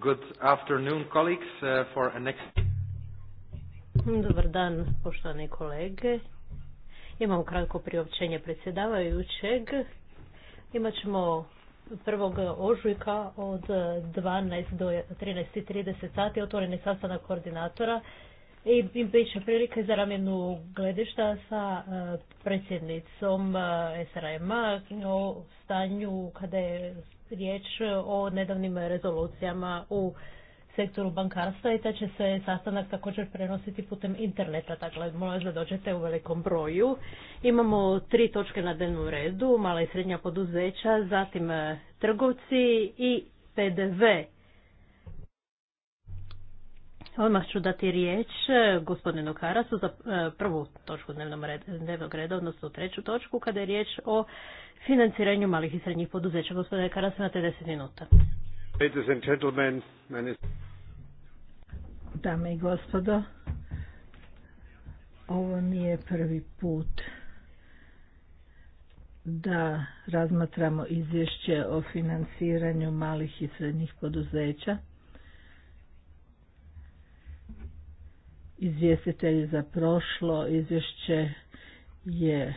Good afternoon, colleagues, uh, for a next... Dobar dan, poštovane kolege. Imam kratko priopćenje predsjedavajućeg. Imat ćemo prvog ožujka od 12 do 13.30 sati otvoreni sastanak koordinatora i bit će prilike za ramjenu gledišta sa e, predsjednicom e, SRM-a o stanju kada je riječ o nedavnim rezolucijama u sektoru bankarstva i taj će se sastanak također prenositi putem interneta, dakle možda dođete u velikom broju. Imamo tri točke na dnevnom redu, mala i srednja poduzeća, zatim e, trgovci i PDV. Odmah ću dati riječ e, gospodinu Karasu za e, prvu točku dnevnog reda, odnosno treću točku, kada je riječ o financiranju malih i srednjih poduzeća. Gospodine Karas, imate deset minuta. Dame i gospodo, ovo nije prvi put da razmatramo izvješće o financiranju malih i srednjih poduzeća. izvjestitelj za prošlo izvješće je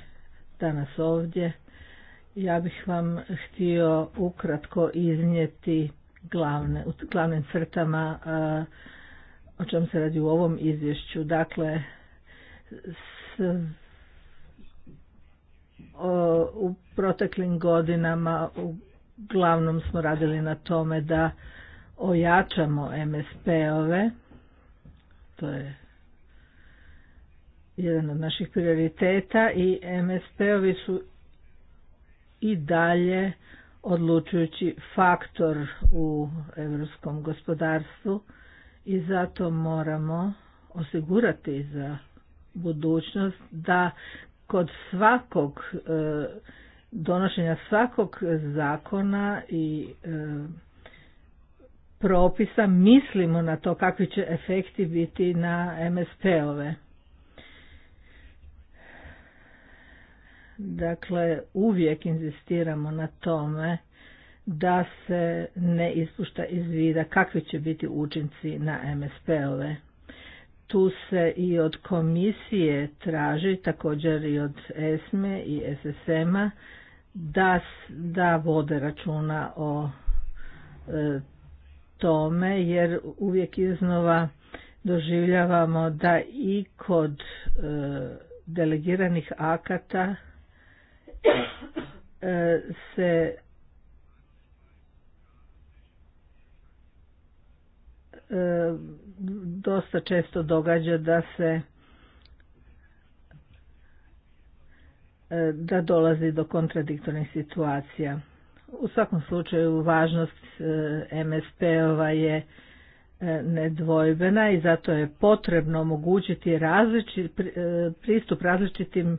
danas ovdje. Ja bih vam htio ukratko iznijeti glavne, u glavnim crtama o čem se radi u ovom izvješću. Dakle, s, o, u proteklim godinama uglavnom smo radili na tome da ojačamo MSP-ove, to je jedan od naših prioriteta i MSP-ovi su i dalje odlučujući faktor u europskom gospodarstvu i zato moramo osigurati za budućnost da kod svakog e, donošenja svakog zakona i e, propisa mislimo na to kakvi će efekti biti na MSP-ove. Dakle, uvijek inzistiramo na tome da se ne ispušta iz vida kakvi će biti učinci na MSP-ove. Tu se i od komisije traži, također i od ESME i SSM-a, da, da vode računa o e, tome, jer uvijek iznova doživljavamo da i kod e, delegiranih akata E, se e, dosta često događa da se e, da dolazi do kontradiktornih situacija. U svakom slučaju važnost MSP-ova je nedvojbena i zato je potrebno omogućiti različit, pristup različitim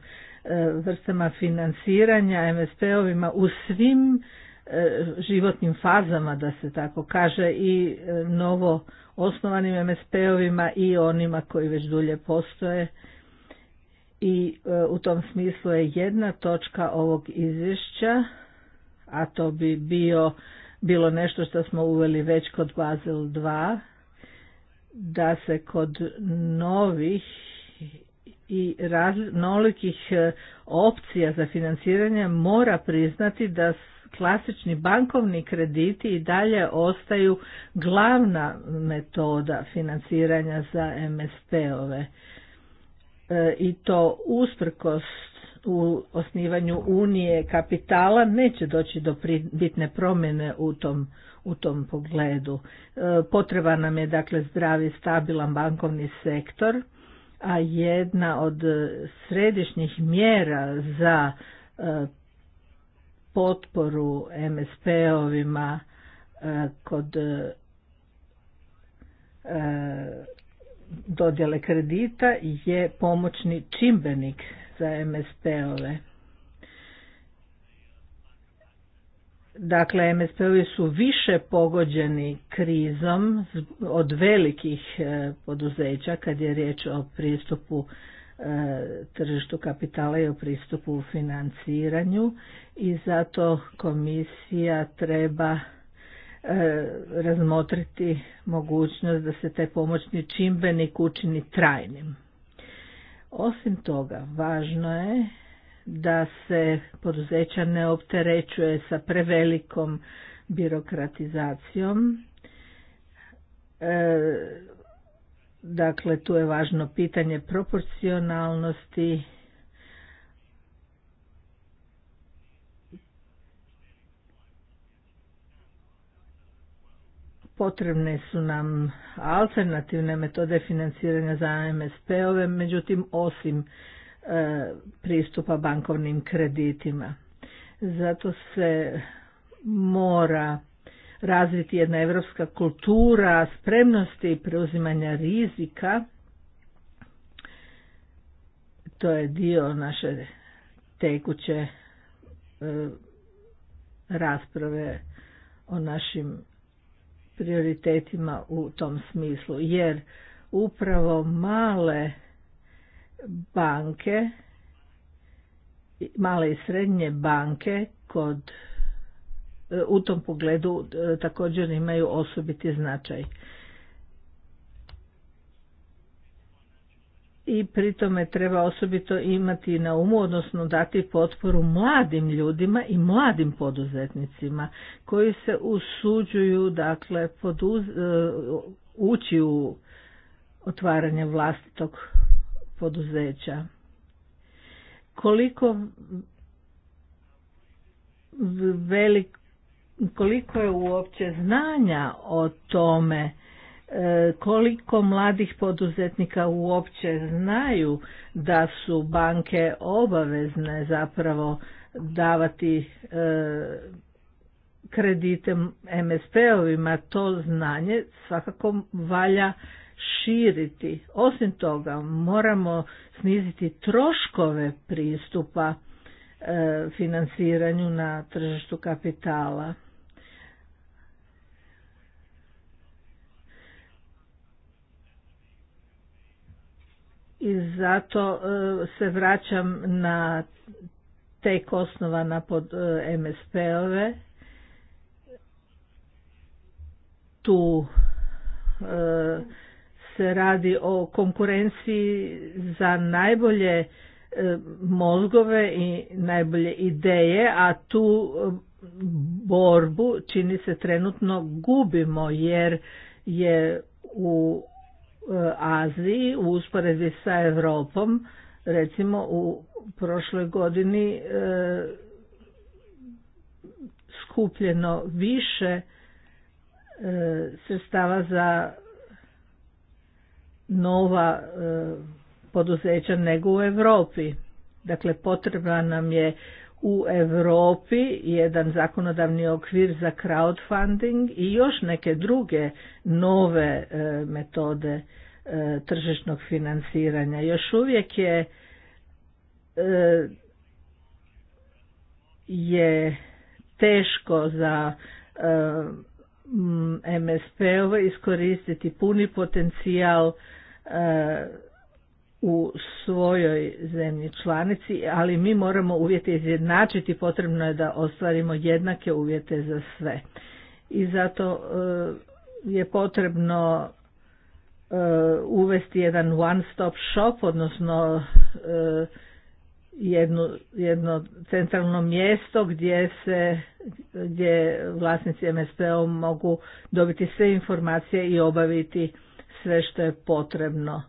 E, vrstama financiranja, MSP-ovima u svim e, životnim fazama, da se tako kaže, i e, novo osnovanim MSP-ovima i onima koji već dulje postoje. I u tom smislu je jedna točka ovog izvješća, a to bi bio, bilo nešto što smo uveli već kod Basel 2, da se kod novih i raznolikih e, opcija za financiranje mora priznati da klasični bankovni krediti i dalje ostaju glavna metoda financiranja za MSP-ove e, i to usprkos u osnivanju unije kapitala neće doći do bitne promjene u tom u tom pogledu. E, Potreba nam je dakle zdravi, stabilan bankovni sektor a jedna od e, središnjih mjera za e, potporu MSP-ovima e, kod dodjele kredita je pomoćni čimbenik za MSP-ove. Dakle, MSP-ovi su više pogođeni krizom od velikih e, poduzeća kad je riječ o pristupu e, tržištu kapitala i o pristupu u financiranju i zato komisija treba e, razmotriti mogućnost da se taj pomoćni čimbenik učini trajnim. Osim toga, važno je da se poduzeća ne opterećuje sa prevelikom birokratizacijom. E, dakle, tu je važno pitanje proporcionalnosti. Potrebne su nam alternativne metode financiranja za MSP-ove, međutim, osim E, pristupa bankovnim kreditima. Zato se mora razviti jedna evropska kultura spremnosti i preuzimanja rizika. To je dio naše tekuće e, rasprave o našim prioritetima u tom smislu jer upravo male banke, male i srednje banke kod u tom pogledu e, također imaju osobiti značaj. I pri tome treba osobito imati na umu, odnosno dati potporu mladim ljudima i mladim poduzetnicima koji se usuđuju dakle, poduz, e, ući u otvaranje vlastitog poduzeća. Koliko velik, koliko je uopće znanja o tome e, koliko mladih poduzetnika uopće znaju da su banke obavezne zapravo davati e, kredite MSP-ovima to znanje svakako valja širiti. Osim toga, moramo sniziti troškove pristupa e, financiranju na tržištu kapitala. I zato e, se vraćam na tek osnovana pod e, MSP-ove. Tu e, se radi o konkurenciji za najbolje e, mozgove i najbolje ideje, a tu e, borbu čini se trenutno gubimo jer je u e, Aziji u usporedbi sa Europom recimo u prošloj godini skupljeno više sredstava za nova e, poduzeća nego u Europi. Dakle, potrebna nam je u Europi jedan zakonodavni okvir za crowdfunding i još neke druge nove e, metode e, tržišnog financiranja. Još uvijek je je teško za MSP-ove iskoristiti puni potencijal u svojoj zemlji članici, ali mi moramo uvjete izjednačiti, potrebno je da ostvarimo jednake uvjete za sve. I zato e, je potrebno e, uvesti jedan one stop shop, odnosno e, jedno, jedno centralno mjesto gdje se gdje vlasnici msp om p-a mogu dobiti sve informacije i obaviti sve što je potrebno.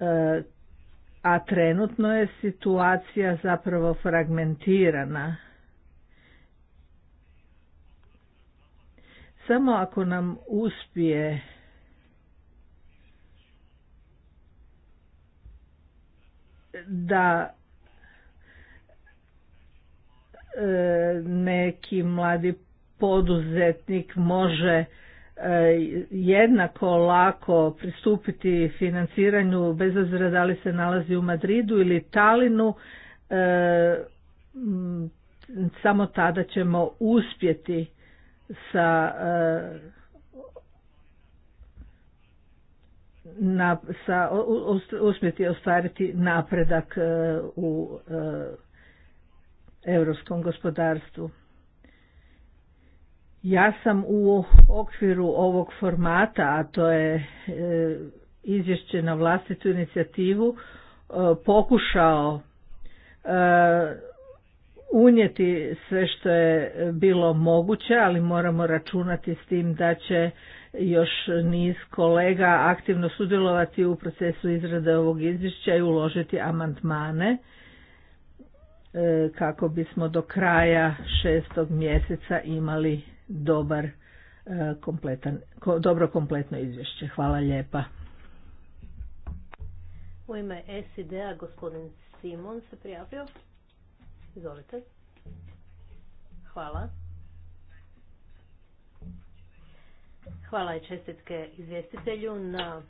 E, a trenutno je situacija zapravo fragmentirana. Samo ako nam uspije da e, neki mladi poduzetnik može E, jednako lako pristupiti financiranju bez obzira da li se nalazi u Madridu ili Talinu e, samo tada ćemo uspjeti sa e, na, sa, uspjeti ostvariti napredak u europskom gospodarstvu. Ja sam u okviru ovog formata, a to je e, izvješće na vlastitu inicijativu, e, pokušao e, unijeti sve što je bilo moguće, ali moramo računati s tim da će još niz kolega aktivno sudjelovati u procesu izrade ovog izvješća i uložiti amandmane kako bismo do kraja šestog mjeseca imali dobar e, kompletan, dobro kompletno izvješće. Hvala lijepa. U ime SID-a gospodin Simon se prijavio. Izvolite. Hvala. Hvala i čestitke izvjestitelju na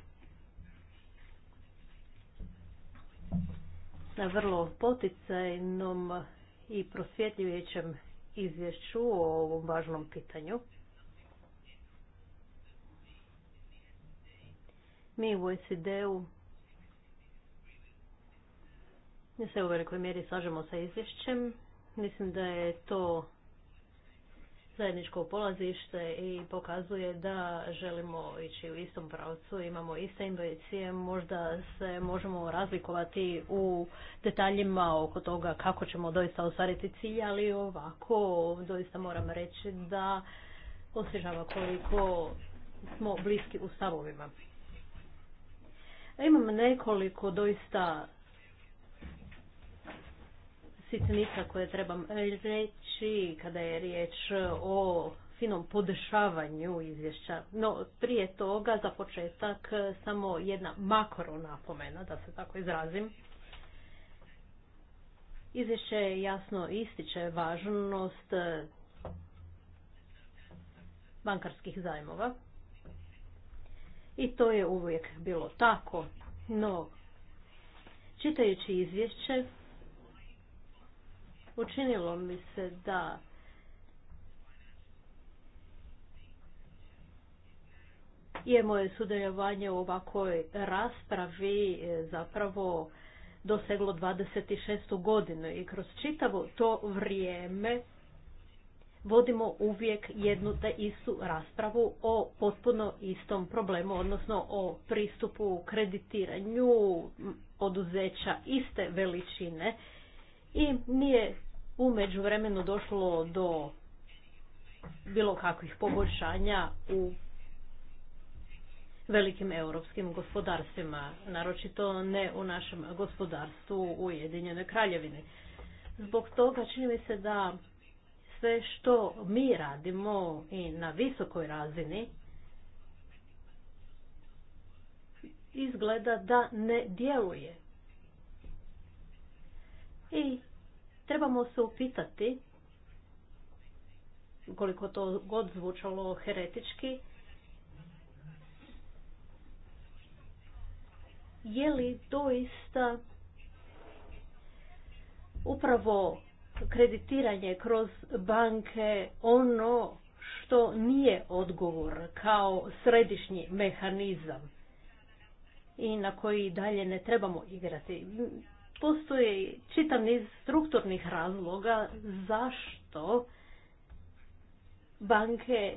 na vrlo poticajnom i prosvjetljujućem izvješću o ovom važnom pitanju. Mi u SID-u se u velikoj mjeri slažemo sa izvješćem. Mislim da je to zajedničko polazište i pokazuje da želimo ići u istom pravcu, imamo iste ambicije, možda se možemo razlikovati u detaljima oko toga kako ćemo doista ostvariti cilj, ali ovako doista moram reći da osježava koliko smo bliski u stavovima. Imam nekoliko doista sitnica koje trebam reći kada je riječ o finom podešavanju izvješća. No, prije toga za početak samo jedna makro napomena, da se tako izrazim. Izvješće jasno ističe važnost bankarskih zajmova. I to je uvijek bilo tako. No, čitajući izvješće, učinilo mi se da je moje sudjelovanje u ovakvoj raspravi e, zapravo doseglo 26. godinu i kroz čitavo to vrijeme vodimo uvijek jednu te istu raspravu o potpuno istom problemu, odnosno o pristupu kreditiranju poduzeća iste veličine i nije u međuvremenu došlo do bilo kakvih poboljšanja u velikim europskim gospodarstvima, naročito ne u našem gospodarstvu u Ujedinjenoj kraljevini. Zbog toga čini mi se da sve što mi radimo i na visokoj razini izgleda da ne djeluje. I trebamo se upitati, koliko to god zvučalo heretički, je li doista upravo kreditiranje kroz banke ono što nije odgovor kao središnji mehanizam i na koji dalje ne trebamo igrati postoji čitav niz strukturnih razloga zašto banke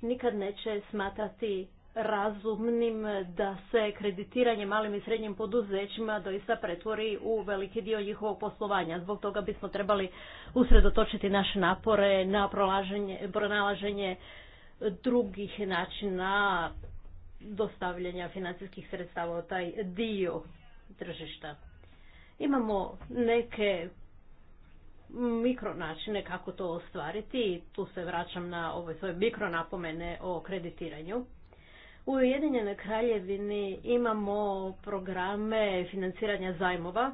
nikad neće smatrati razumnim da se kreditiranje malim i srednjim poduzećima doista pretvori u veliki dio njihovog poslovanja. Zbog toga bismo trebali usredotočiti naše napore na pronalaženje drugih načina dostavljanja financijskih sredstava u taj dio tržišta. Imamo neke načine kako to ostvariti i tu se vraćam na ove svoje mikronapomene o kreditiranju. U Ujedinjenoj kraljevini imamo programe financiranja zajmova,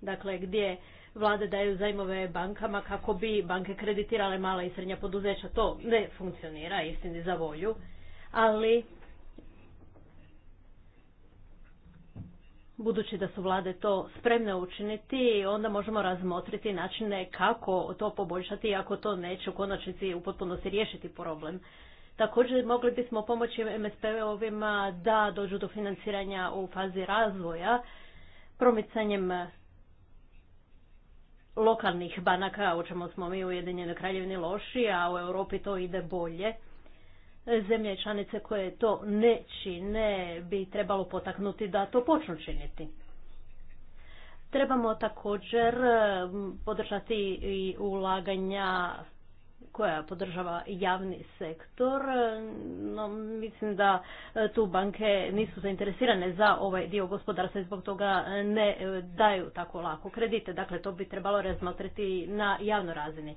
dakle gdje vlade daju zajmove bankama kako bi banke kreditirale mala i srednja poduzeća. To ne funkcionira, istini za volju, ali budući da su vlade to spremne učiniti, onda možemo razmotriti načine kako to poboljšati ako to neće u konačnici u potpunosti riješiti problem. Također mogli bismo pomoći MSP-ovima da dođu do financiranja u fazi razvoja promicanjem lokalnih banaka, u čemu smo mi u Ujedinjenoj kraljevini loši, a u Europi to ide bolje zemlje članice koje to ne čine bi trebalo potaknuti da to počnu činiti. Trebamo također e, podržati i ulaganja koja podržava javni sektor, e, no mislim da e, tu banke nisu zainteresirane za ovaj dio gospodarstva i zbog toga ne daju tako lako kredite, dakle to bi trebalo razmotriti na javnoj razini.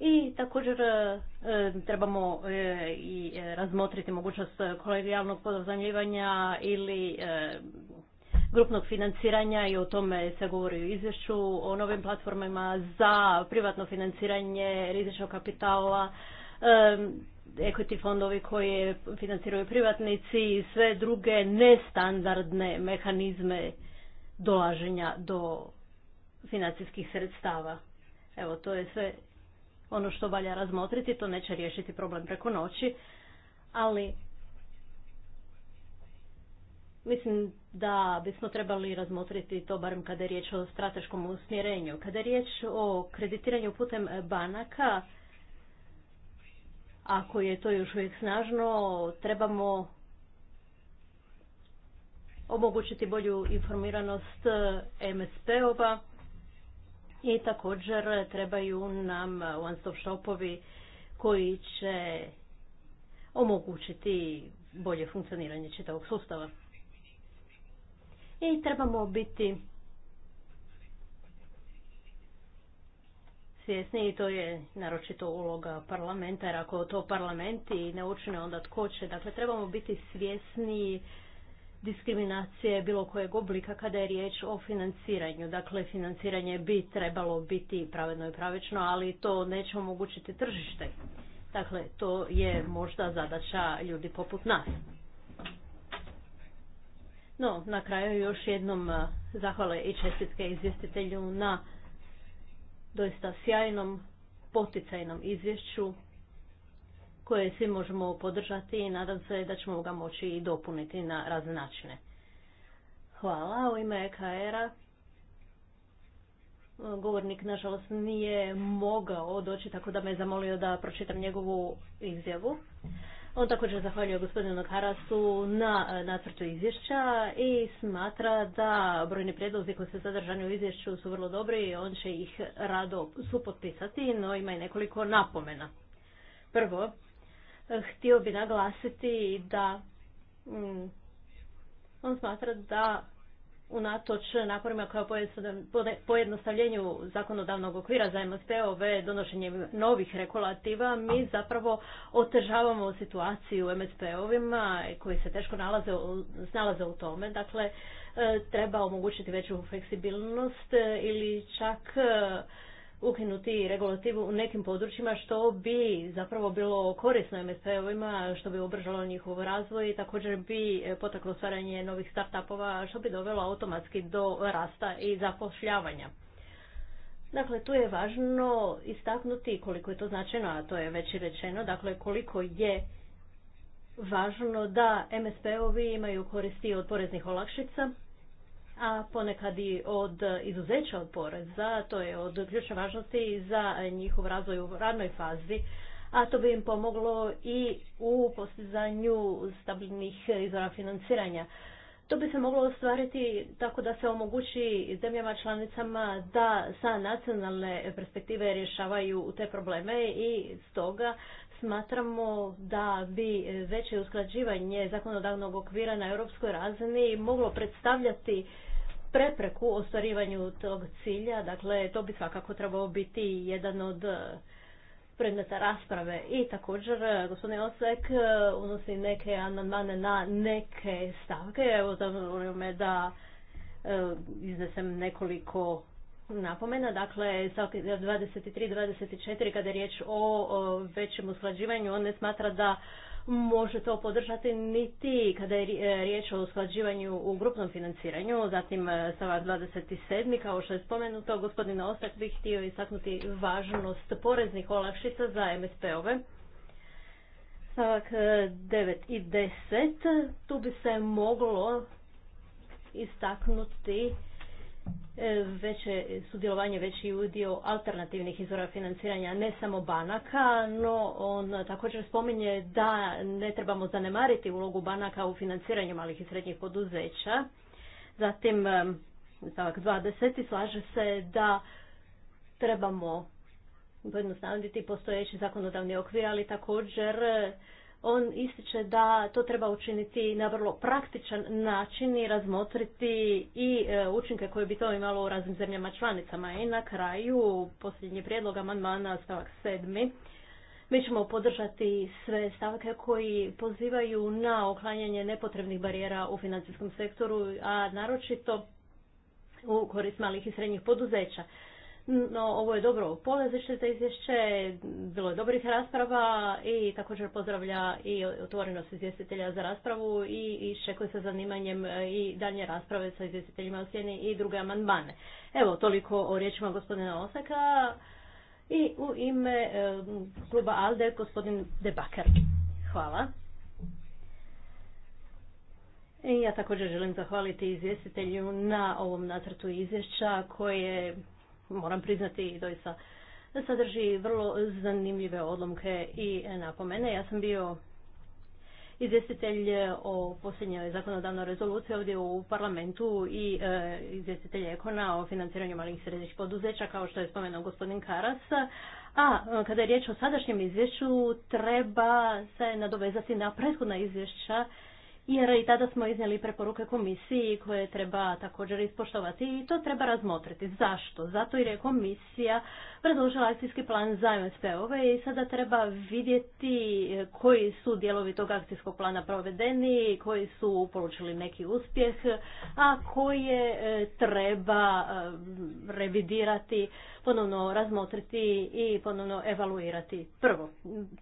I također e, e, trebamo e, i razmotriti mogućnost kolegijalnog podozanjivanja ili grupnog financiranja i o tome se govori u izvješću o novim platformama za privatno financiranje rizičnog kapitala, equity fondovi koje financiraju privatnici i sve druge nestandardne mehanizme dolaženja do financijskih sredstava. Evo, to je sve ono što valja razmotriti, to neće riješiti problem preko noći, ali mislim da bismo trebali razmotriti to barem kada je riječ o strateškom usmjerenju. Kada je riječ o kreditiranju putem banaka, ako je to još uvijek snažno, trebamo omogućiti bolju informiranost MSP-ova i također trebaju nam one stop shopovi koji će omogućiti bolje funkcioniranje čitavog sustava. I trebamo biti svjesni i to je naročito uloga parlamenta, jer ako to parlamenti ne učine onda tko će. Dakle, trebamo biti svjesni diskriminacije bilo kojeg oblika kada je riječ o financiranju. Dakle, financiranje bi trebalo biti pravedno i pravično, ali to neće omogućiti tržište. Dakle, to je možda zadaća ljudi poput nas. No, na kraju još jednom eh, zahvale i čestitke izvjestitelju na doista sjajnom poticajnom izvješću koje svi možemo podržati i nadam se da ćemo ga moći i dopuniti na razne načine. Hvala. U ime EKR-a govornik nažalost nije mogao doći tako da me je zamolio da pročitam njegovu izjavu. On također zahvaljuje gospodinu Karasu na e, nacrtu izvješća i smatra da brojni prijedlozi koji su zadržani u izvješću su vrlo dobri i on će ih rado supotpisati, no ima i nekoliko napomena. Prvo, htio bi naglasiti da mm, on smatra da unatoč naporima kao pojednostavljenju zakonodavnog okvira za MSP-ove donošenjem novih regulativa, mi zapravo otežavamo situaciju u MSP-ovima koji se teško nalaze, u tome. Dakle, e, treba omogućiti veću fleksibilnost e, ili čak e, ukinuti regulativu u nekim područjima što bi zapravo bilo korisno MSP-ovima, što bi obržalo njihov razvoj i također bi e, potaklo stvaranje novih startupova što bi dovelo automatski do rasta i zapošljavanja. Dakle, tu je važno istaknuti koliko je to značajno, a to je već i rečeno, dakle koliko je važno da MSP-ovi imaju koristi od poreznih olakšica, a ponekad i od izuzeća od poreza, to je od ključne važnosti za njihov razvoj u radnoj fazi, a to bi im pomoglo i u postizanju stabilnih izvora financiranja. To bi se moglo ostvariti tako da se omogući zemljama članicama da sa nacionalne perspektive rješavaju te probleme i stoga smatramo da bi veće usklađivanje zakonodavnog okvira na europskoj razini moglo predstavljati prepreku ostvarivanju tog cilja, dakle to bi svakako trebalo biti jedan od e, predmeta rasprave i također e, gospodine Osek e, unosi neke amandmane na neke stavke. Evo zavolio me da iznesem nekoliko napomena. Dakle, stavke 23-24 kada je riječ o većem usklađivanju, on ne smatra da može to podržati niti kada je e, riječ o usklađivanju u grupnom financiranju, zatim e, stavak 27. kao što je spomenuto, gospodina Ostak bih htio istaknuti važnost poreznih olakšica za MSP-ove. Stavak 9 e, i 10, tu bi se moglo istaknuti E, veće sudjelovanje, veći udio alternativnih izvora financiranja, ne samo banaka, no on također spominje da ne trebamo zanemariti ulogu banaka u financiranju malih i srednjih poduzeća. Zatim, e, stavak 20. slaže se da trebamo pojednostaviti postojeći zakonodavni okvir, ali također on ističe da to treba učiniti na vrlo praktičan način i razmotriti i e, učinke koje bi to imalo u raznim zemljama članicama. I na kraju, posljednji prijedlog amandmana stavak sedmi. Mi ćemo podržati sve stavke koji pozivaju na oklanjanje nepotrebnih barijera u financijskom sektoru, a naročito u korist malih i srednjih poduzeća. No, ovo je dobro polazište za izvješće, bilo je dobrih rasprava i također pozdravlja i otvorenost izvjestitelja za raspravu i iščekuje sa zanimanjem e, i daljnje rasprave sa izvjestiteljima u i druge amandmane. Evo, toliko o riječima gospodina Osaka i u ime e, kluba ALDE gospodin Debakar. Hvala. ja također želim zahvaliti izvjestitelju na ovom nacrtu izvješća koje moram priznati, doista sadrži vrlo zanimljive odlomke i napomene. Ja sam bio izvjestitelj o posljednjoj zakonodavnoj rezoluciji ovdje u parlamentu i e, izvjestitelj Ekona o financiranju malih središnjih poduzeća, kao što je spomenuo gospodin Karas. A kada je riječ o sadašnjem izvješću, treba se nadovezati na prethodna izvješća jer i tada smo iznijeli preporuke komisiji koje treba također ispoštovati i to treba razmotriti. Zašto? Zato jer je komisija predložila akcijski plan za MSP-ove i sada treba vidjeti koji su dijelovi tog akcijskog plana provedeni, koji su polučili neki uspjeh, a koje e, treba e, revidirati ponovno razmotriti i ponovno evaluirati. Prvo,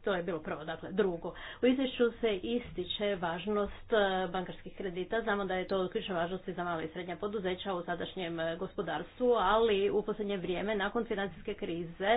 to je bilo prvo, dakle drugo. U izvješću se ističe važnost e, bankarskih kredita. Znamo da je to od ključne važnosti za mala i srednja poduzeća u sadašnjem e, gospodarstvu, ali u posljednje vrijeme nakon financijske krize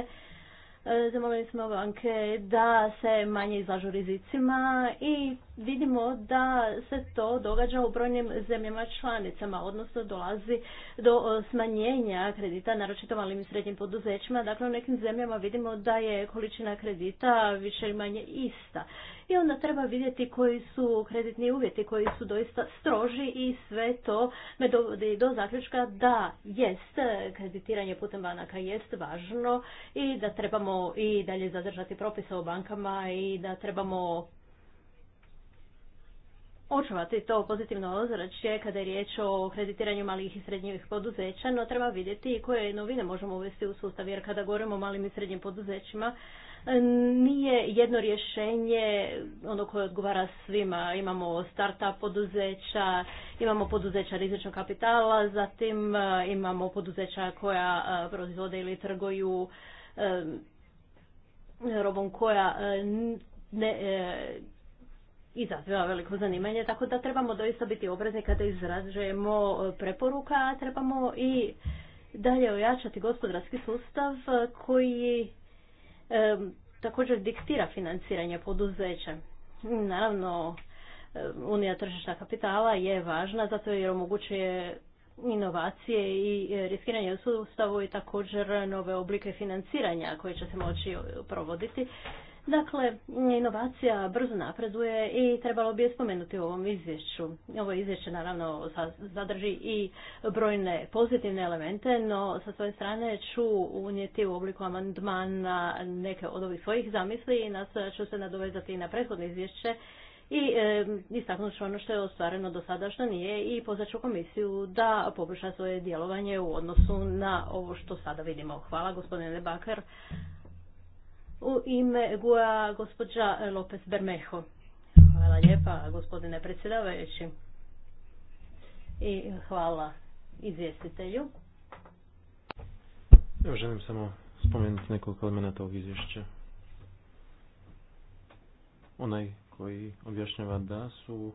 E, zamolili smo banke da se manje izlažu rizicima i vidimo da se to događa u brojnim zemljama članicama, odnosno dolazi do e, smanjenja kredita, naročito malim i srednjim poduzećima. Dakle, u nekim zemljama vidimo da je količina kredita više i manje ista i onda treba vidjeti koji su kreditni uvjeti, koji su doista stroži i sve to me dovodi do zaključka da jest kreditiranje putem banaka jest važno i da trebamo i dalje zadržati propise o bankama i da trebamo očuvati to pozitivno ozračje kada je riječ o kreditiranju malih i srednjih poduzeća, no treba vidjeti koje novine možemo uvesti u sustav, jer kada govorimo o malim i srednjim poduzećima, nije jedno rješenje ono koje odgovara svima. Imamo start-up poduzeća, imamo poduzeća rizičnog kapitala, zatim e, imamo poduzeća koja e, proizvode ili trguju e, robom koja ne izaziva veliko zanimanje, tako da trebamo doista biti obrazni kada izražujemo preporuka, a trebamo i dalje ojačati gospodarski sustav koji također diktira financiranje poduzeća. Naravno, Unija tržišta kapitala je važna zato jer omogućuje inovacije i e, riskiranje u sustavu i također nove oblike financiranja koje će se moći e, provoditi. Dakle, inovacija brzo napreduje i trebalo bi je spomenuti u ovom izvješću. Ovo izvješće naravno zadrži i brojne pozitivne elemente, no sa svoje strane ću unijeti u obliku amandmana neke od ovih svojih zamisli i nas ću se nadovezati i na prethodno izvješće i istaknut ću ono što je ostvareno do sada što nije i pozvat ću komisiju da poboljša svoje djelovanje u odnosu na ovo što sada vidimo. Hvala gospodine Bakar. U ime Gua gospođa Lopez Bermejo. Hvala lijepa gospodine predsjedavajući i hvala izvjestitelju. Evo želim samo spomenuti nekoliko elemenata ovog izvješća. Onaj koji objašnjava da su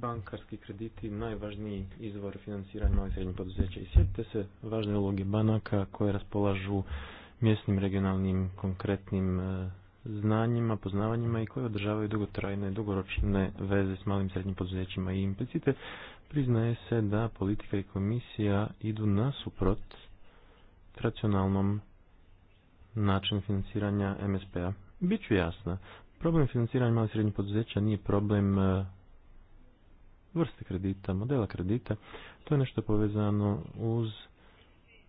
bankarski krediti najvažniji izvor financiranja malih srednjih poduzeća. I sjetite se važne uloge banaka koje raspolažu mjesnim, regionalnim, konkretnim e, znanjima, poznavanjima i koje održavaju dugotrajne, dugoročne veze s malim srednjim poduzećima i implicite, priznaje se da politika i komisija idu nasuprot racionalnom načinu financiranja MSP-a. Biću jasna, problem financiranja malih srednjih poduzeća nije problem e, vrste kredita, modela kredita, to je nešto povezano uz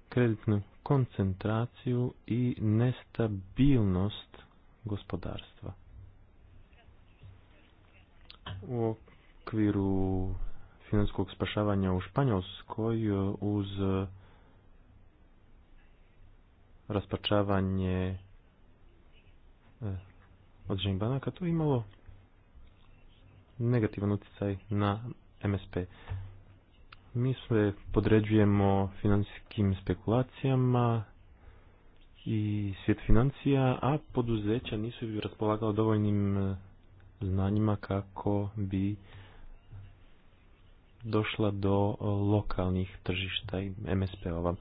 kreditnu koncentraciju i nestabilnost gospodarstva. U okviru finanskog spašavanja u Španjolskoj uz raspačavanje eh, određenih banaka, to je imalo negativan utjecaj na MSP. Mi sve podređujemo financijskim spekulacijama i svijet financija, a poduzeća nisu bi raspolagala dovoljnim e, znanjima kako bi došla do lokalnih tržišta i MSP-ova.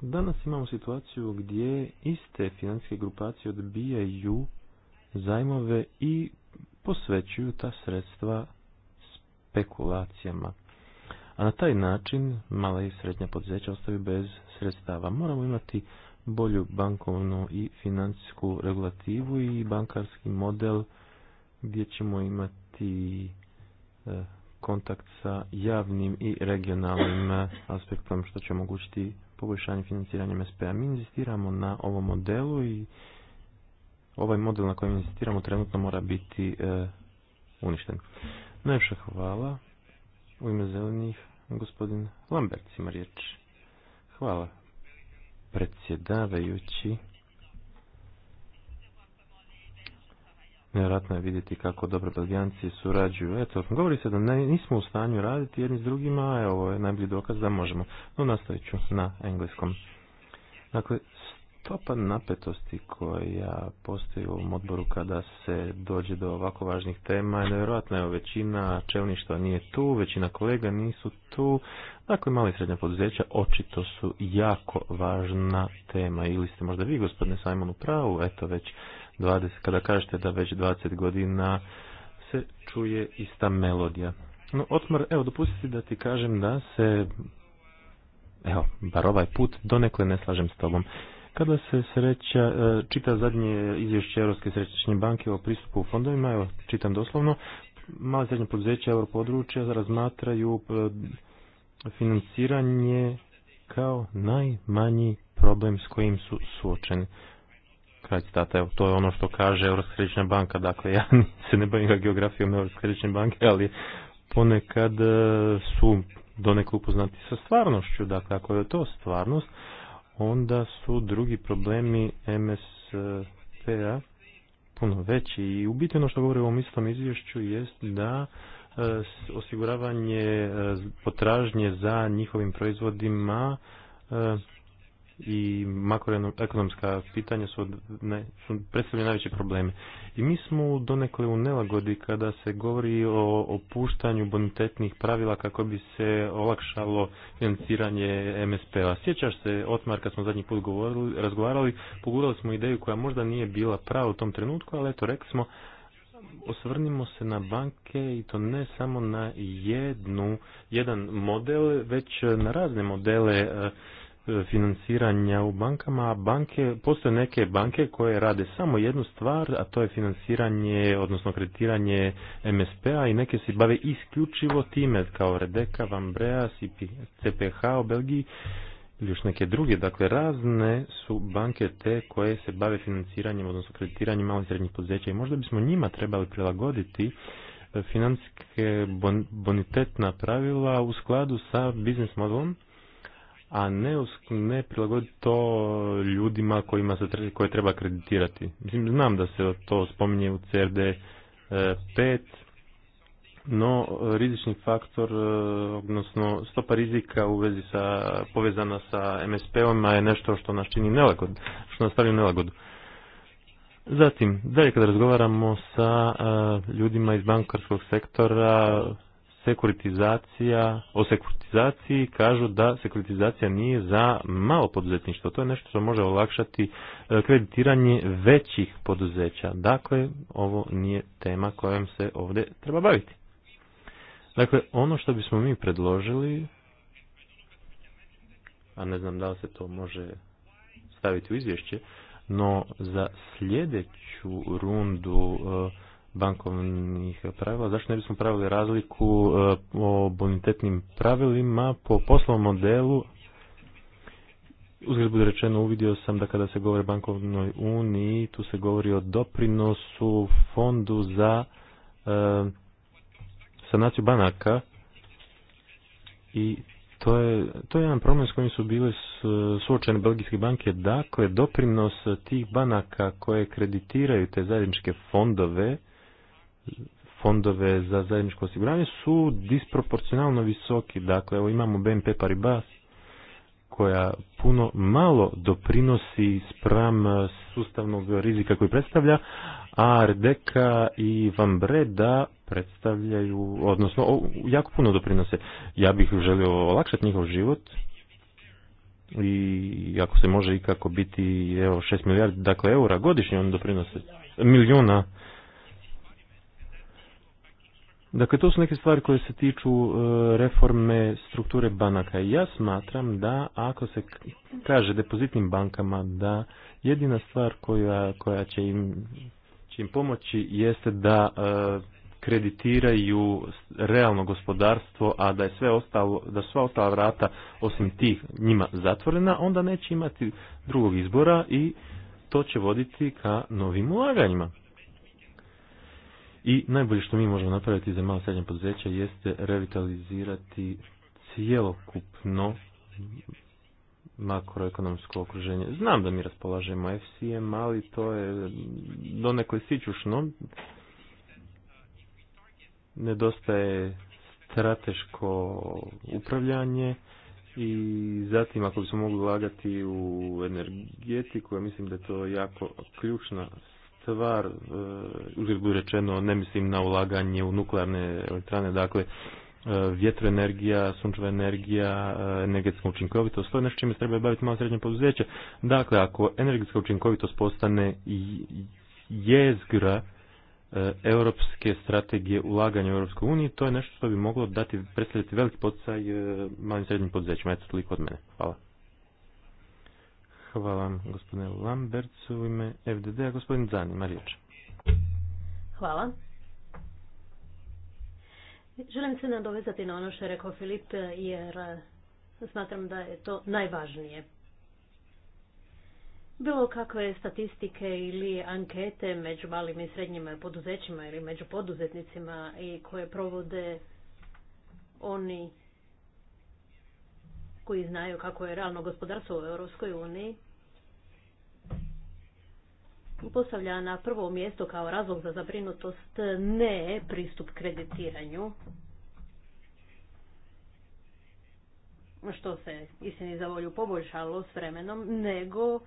Danas imamo situaciju gdje iste financijske grupacije odbijaju zajmove i posvećuju ta sredstva spekulacijama a na taj način mala i srednja poduzeća ostavi bez sredstava. Moramo imati bolju bankovnu i financijsku regulativu i bankarski model gdje ćemo imati e, kontakt sa javnim i regionalnim e, aspektom što će omogućiti poboljšanje financiranja msp a Mi inzistiramo na ovom modelu i ovaj model na kojem inzistiramo trenutno mora biti e, uništen. Najviše hvala. U ime zelenih, gospodin Lambert ima riječ. Hvala, predsjedavajući. Nevjerojatno je vidjeti kako dobro belgijanci surađuju. Eto, govori se da ne, nismo u stanju raditi jedni s drugima, a ovo je najbolji dokaz da možemo. No, nastavit ću na engleskom. Dakle, stopa napetosti koja postoji u ovom odboru kada se dođe do ovako važnih tema je nevjerojatna. Evo, većina čelništva nije tu, većina kolega nisu tu. Dakle, mali i srednja poduzeća očito su jako važna tema. Ili ste možda vi, gospodine Simon, u pravu, eto već 20, kada kažete da već 20 godina se čuje ista melodija. No, Otmar, evo, dopustiti da ti kažem da se, evo, bar ovaj put, donekle ne slažem s tobom. Kada se sreća, e, čita zadnje izvješće Europske središnje banke o pristupu u fondovima, evo, čitam doslovno, male srednje poduzeća europodručja razmatraju e, financiranje kao najmanji problem s kojim su suočeni. Kraj citata, evo, to je ono što kaže Europska središnja banka, dakle ja se ne bavim geografijom Europske središnje banke, ali ponekad e, su donekle upoznati sa stvarnošću, dakle ako je to stvarnost, onda su drugi problemi MSP-a puno veći. I u što govori o ovom istom izvješću jest da e, osiguravanje e, potražnje za njihovim proizvodima e, i makroekonomska pitanja su, ne, su predstavljaju najveće probleme. I mi smo donekle u nelagodi kada se govori o opuštanju bonitetnih pravila kako bi se olakšalo financiranje MSP-a. Sjećaš se, Otmar, kad smo zadnji put govorili, razgovarali, pogurali smo ideju koja možda nije bila prava u tom trenutku, ali eto, rekli smo, osvrnimo se na banke i to ne samo na jednu, jedan model, već na razne modele eh, financiranja u bankama, a banke, postoje neke banke koje rade samo jednu stvar, a to je financiranje, odnosno kreditiranje MSP-a i neke se bave isključivo time, kao Redeka, Vambreas i CPH u Belgiji ili još neke druge. Dakle, razne su banke te koje se bave financiranjem, odnosno kreditiranjem malih srednjih poduzeća i možda bismo njima trebali prilagoditi e, financijske bonitetna pravila u skladu sa biznis modelom a ne, prilagoditi to ljudima kojima se, koje treba kreditirati. Mislim, znam da se to spominje u CRD 5, e, no rizični faktor, e, odnosno stopa rizika u vezi sa, povezana sa msp om je nešto što nas čini nelagod, što nas stavlja nelagodu. Zatim, dalje kada razgovaramo sa e, ljudima iz bankarskog sektora, sekuritizacija, o sekuritizaciji kažu da sekuritizacija nije za malo poduzetništvo. To je nešto što može olakšati e, kreditiranje većih poduzeća. Dakle, ovo nije tema kojom se ovdje treba baviti. Dakle, ono što bismo mi predložili, a ne znam da li se to može staviti u izvješće, no za sljedeću rundu e, bankovnih pravila, zašto ne bismo pravili razliku eh, o bonitetnim pravilima po poslovnom modelu? Uzgled bude rečeno, uvidio sam da kada se govori o bankovnoj uniji, tu se govori o doprinosu fondu za eh, sanaciju banaka i to je, to je jedan problem s kojim su bile suočene belgijske banke. Dakle, doprinos tih banaka koje kreditiraju te zajedničke fondove fondove za zajedničko osiguranje su disproporcionalno visoki. Dakle, evo imamo BNP Paribas koja puno malo doprinosi spram eh, sustavnog rizika koji predstavlja, a Rdeka i Van Breda predstavljaju, odnosno jako puno doprinose. Ja bih želio olakšati njihov život i ako se može ikako biti evo, 6 milijardi dakle, eura godišnje on doprinose, milijuna Dakle, to su neke stvari koje se tiču e, reforme strukture banaka. Ja smatram da ako se kaže depozitnim bankama da jedina stvar koja, koja će, im, će im pomoći jeste da e, kreditiraju realno gospodarstvo, a da je sve ostalo, da sva ostala vrata osim tih njima zatvorena, onda neće imati drugog izbora i to će voditi ka novim ulaganjima. I najbolje što mi možemo napraviti za malo srednje poduzeća jeste revitalizirati cijelokupno makroekonomsko okruženje. Znam da mi raspolažemo FCM, ali to je donekle sićušno. Nedostaje strateško upravljanje i zatim ako bismo mogli ulagati u energetiku, ja mislim da je to jako ključna stvar, e, uzgled bi rečeno, ne mislim na ulaganje u nuklearne elektrane, dakle, e, vjetroenergija, sunčeva energija, e, energetska učinkovitost, to je nešto čime se treba baviti malo srednje poduzeće. Dakle, ako energetska učinkovitost postane jezgra europske strategije ulaganja u Europskoj uniji, to je nešto što bi moglo dati predstaviti veliki poticaj malim srednjim poduzećima. Eto, toliko od mene. Hvala. Hvala vam gospodine Lambercu u ime FDD-a. Gospodin zani Hvala. Želim se nadovezati na ono što je rekao Filip jer smatram da je to najvažnije. Bilo kakve statistike ili ankete među malim i srednjim poduzećima ili među poduzetnicima i koje provode oni koji znaju kako je realno gospodarstvo u Europskoj uniji, postavlja na prvo mjesto kao razlog za zabrinutost ne pristup kreditiranju, što se istini za volju poboljšalo s vremenom, nego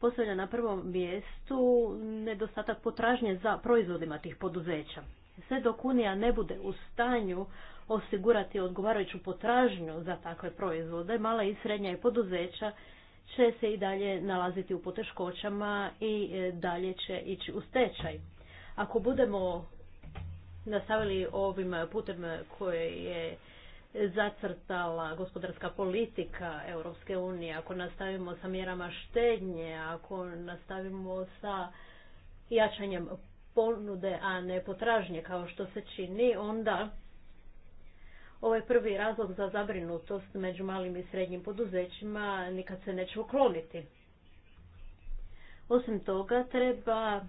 postavlja na prvom mjestu nedostatak potražnje za proizvodima tih poduzeća. Sve dok Unija ne bude u stanju osigurati odgovarajuću potražnju za takve proizvode, mala i srednja i poduzeća će se i dalje nalaziti u poteškoćama i e, dalje će ići u stečaj. Ako budemo nastavili ovim putem koje je zacrtala gospodarska politika Europske unije, ako nastavimo sa mjerama štednje, ako nastavimo sa jačanjem ponude, a ne potražnje kao što se čini, onda Ovaj prvi razlog za zabrinutost među malim i srednjim poduzećima nikad se neće ukloniti. Osim toga, treba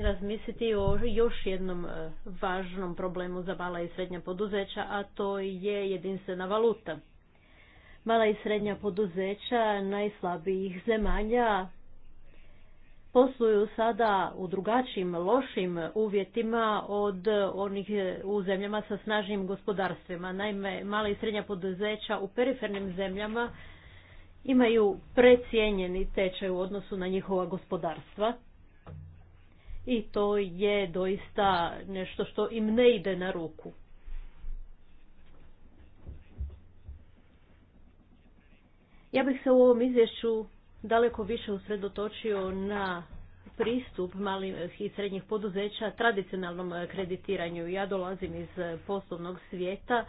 razmisliti o još jednom e, važnom problemu za mala i srednja poduzeća, a to je jedinstvena valuta. Mala i srednja poduzeća najslabijih zemalja posluju sada u drugačijim lošim uvjetima od onih u zemljama sa snažnim gospodarstvima. Naime, mala i srednja poduzeća u perifernim zemljama imaju precijenjeni tečaj u odnosu na njihova gospodarstva i to je doista nešto što im ne ide na ruku. Ja bih se u ovom izvješću daleko više usredotočio na pristup malih i srednjih poduzeća tradicionalnom e, kreditiranju. Ja dolazim iz poslovnog svijeta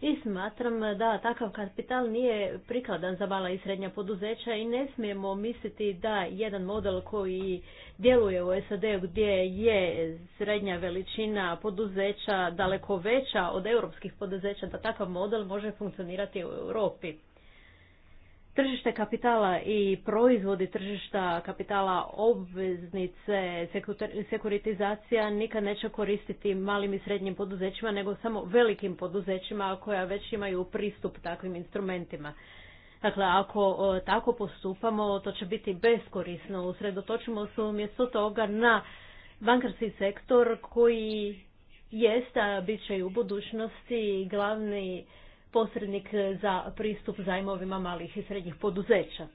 i smatram da takav kapital nije prikladan za mala i srednja poduzeća i ne smijemo misliti da jedan model koji djeluje u SAD-u gdje je srednja veličina poduzeća daleko veća od europskih poduzeća, da takav model može funkcionirati u Europi. Tržište kapitala i proizvodi tržišta kapitala, obveznice, sekuritizacija nikad neće koristiti malim i srednjim poduzećima, nego samo velikim poduzećima koja već imaju pristup takvim instrumentima. Dakle, ako tako postupamo, to će biti beskorisno. Usredotočimo se umjesto toga na bankarski sektor koji jeste, bit će i u budućnosti glavni posrednik za pristup zajmovima malih i srednjih poduzeća.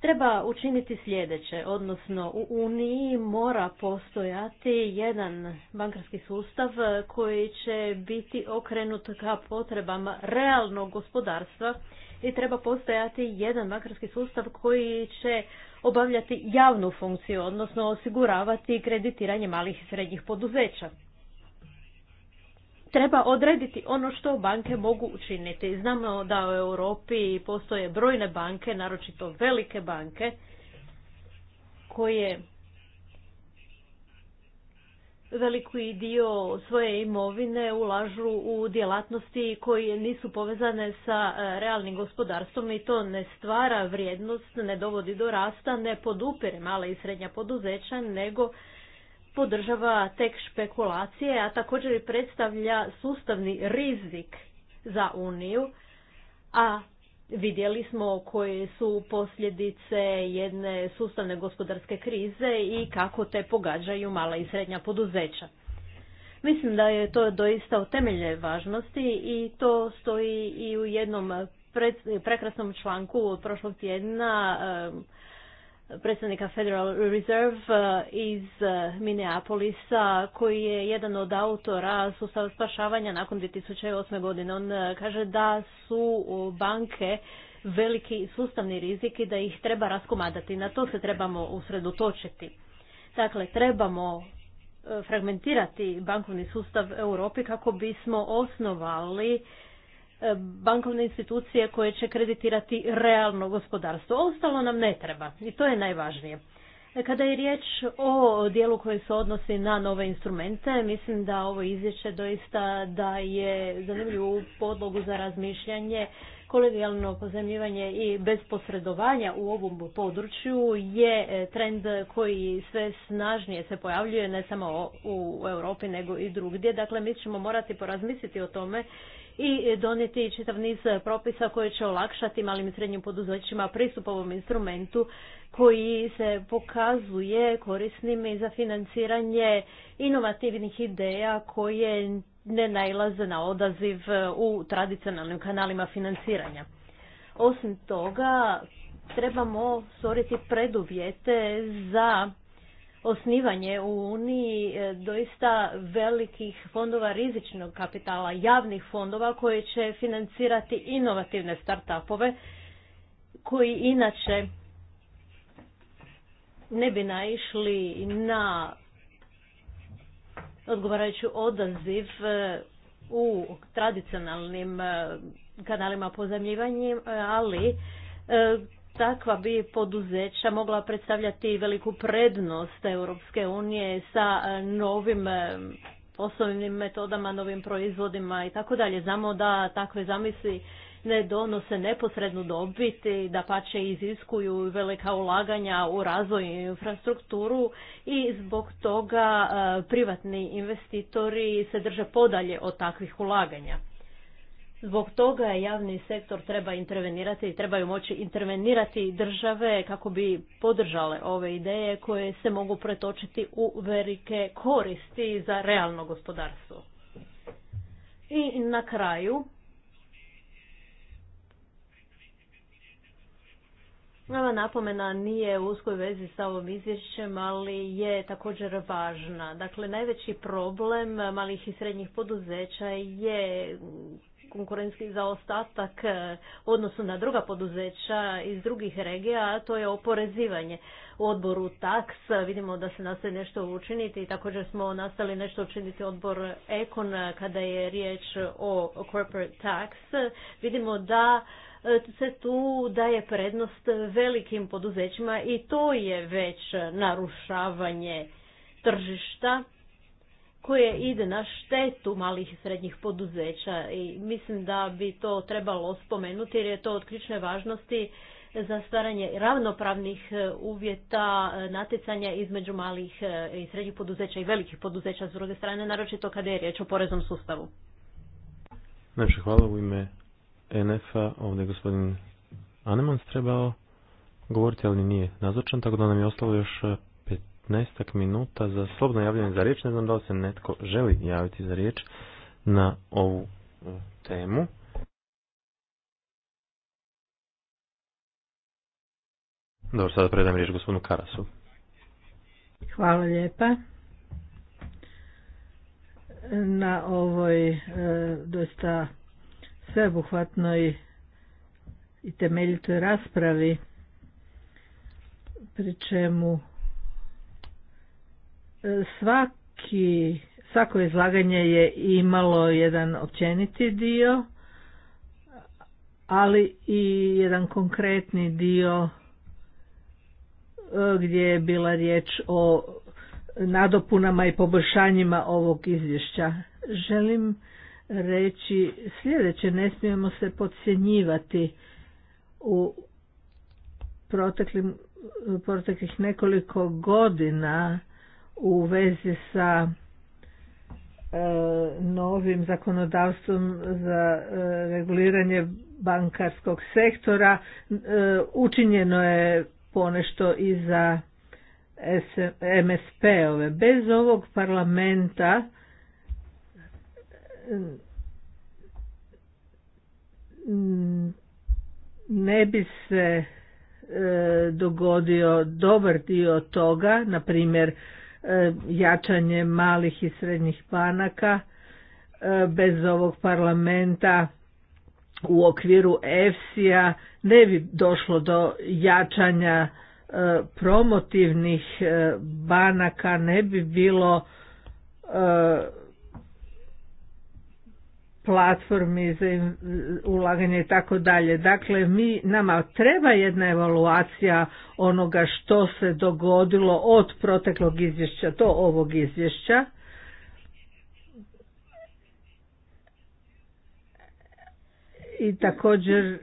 Treba učiniti sljedeće, odnosno u Uniji mora postojati jedan bankarski sustav koji će biti okrenut ka potrebama realnog gospodarstva i treba postojati jedan bankarski sustav koji će obavljati javnu funkciju, odnosno osiguravati kreditiranje malih i srednjih poduzeća treba odrediti ono što banke mogu učiniti. Znamo da u Europi postoje brojne banke, naročito velike banke, koje veliki dio svoje imovine ulažu u djelatnosti koje nisu povezane sa e, realnim gospodarstvom i to ne stvara vrijednost, ne dovodi do rasta, ne podupire male i srednja poduzeća, nego podržava tek špekulacije, a također i predstavlja sustavni rizik za Uniju, a vidjeli smo koje su posljedice jedne sustavne gospodarske krize i kako te pogađaju mala i srednja poduzeća. Mislim da je to doista u temeljne važnosti i to stoji i u jednom prekrasnom članku od prošlog tjedna predsjednika Federal Reserve uh, iz uh, Minneapolisa koji je jedan od autora sustava spašavanja nakon 2008. godine. On uh, kaže da su banke veliki sustavni rizik i da ih treba raskomadati. Na to se trebamo usredotočiti. Dakle, trebamo fragmentirati bankovni sustav Europi kako bismo osnovali E, bankovne institucije koje će kreditirati realno gospodarstvo. Ostalo nam ne treba i to je najvažnije. E, kada je riječ o dijelu koji se odnosi na nove instrumente, mislim da ovo izvješće doista da je zanimljivu podlogu za razmišljanje kolegijalno pozemljivanje i bez posredovanja u ovom području je e, trend koji sve snažnije se pojavljuje ne samo u Europi nego i drugdje. Dakle, mi ćemo morati porazmisliti o tome i donijeti čitav niz propisa koje će olakšati malim i srednjim poduzećima pristup ovom instrumentu koji se pokazuje korisnim i za financiranje inovativnih ideja koje ne nailaze na odaziv u tradicionalnim kanalima financiranja. Osim toga, trebamo stvoriti preduvjete za osnivanje u Uniji e, doista velikih fondova rizičnog kapitala, javnih fondova koje će financirati inovativne startupove koji inače ne bi naišli na odgovarajući odaziv e, u tradicionalnim e, kanalima pozemljivanja, e, ali takva bi poduzeća mogla predstavljati veliku prednost Europske unije sa novim osnovnim metodama, novim proizvodima i tako dalje. Znamo da takve zamisli ne donose neposrednu dobit i da pače iziskuju velika ulaganja u razvoj infrastrukturu i zbog toga e, privatni investitori se drže podalje od takvih ulaganja. Zbog toga javni sektor treba intervenirati i trebaju moći intervenirati države kako bi podržale ove ideje koje se mogu pretočiti u velike koristi za realno gospodarstvo. I na kraju, Ova napomena nije u uskoj vezi sa ovom izvješćem, ali je također važna. Dakle, najveći problem malih i srednjih poduzeća je konkurentski zaostatak u odnosu na druga poduzeća iz drugih regija, a to je oporezivanje. U odboru taks vidimo da se nastaje nešto učiniti i također smo nastali nešto učiniti odbor ECON kada je riječ o corporate tax. Vidimo da se tu daje prednost velikim poduzećima i to je već narušavanje tržišta koje ide na štetu malih i srednjih poduzeća i mislim da bi to trebalo spomenuti jer je to od ključne važnosti za stvaranje ravnopravnih uvjeta natjecanja između malih i srednjih poduzeća i velikih poduzeća s druge strane, naročito kada je riječ o poreznom sustavu. Najviše hvala u ime NF-a, ovdje je gospodin Anemans trebao govoriti, ali nije nazočan, tako da nam je ostalo još 15 e, minuta za slobno javljanje za riječ. Ne znam da li se netko želi javiti za riječ na ovu e, temu. Dobro, sada predajem riječ gospodinu Karasu. Hvala lijepa na ovoj e, dosta sveobuhvatnoj i temeljitoj raspravi, pri čemu e, svaki, svako izlaganje je imalo jedan općeniti dio, ali i jedan konkretni dio e, gdje je bila riječ o nadopunama i poboljšanjima ovog izvješća. Želim reći sljedeće, ne smijemo se podcjenjivati u proteklim, proteklih nekoliko godina u vezi sa e, novim zakonodavstvom za e, reguliranje bankarskog sektora e, učinjeno je ponešto i za MSP-ove. Bez ovog parlamenta ne bi se e, dogodio dobar dio toga, na primjer e, jačanje malih i srednjih banaka e, bez ovog parlamenta u okviru EFSI-a ne bi došlo do jačanja promotivnih banaka, ne bi bilo platformi za ulaganje i tako dalje. Dakle, mi, nama treba jedna evaluacija onoga što se dogodilo od proteklog izvješća do ovog izvješća. I također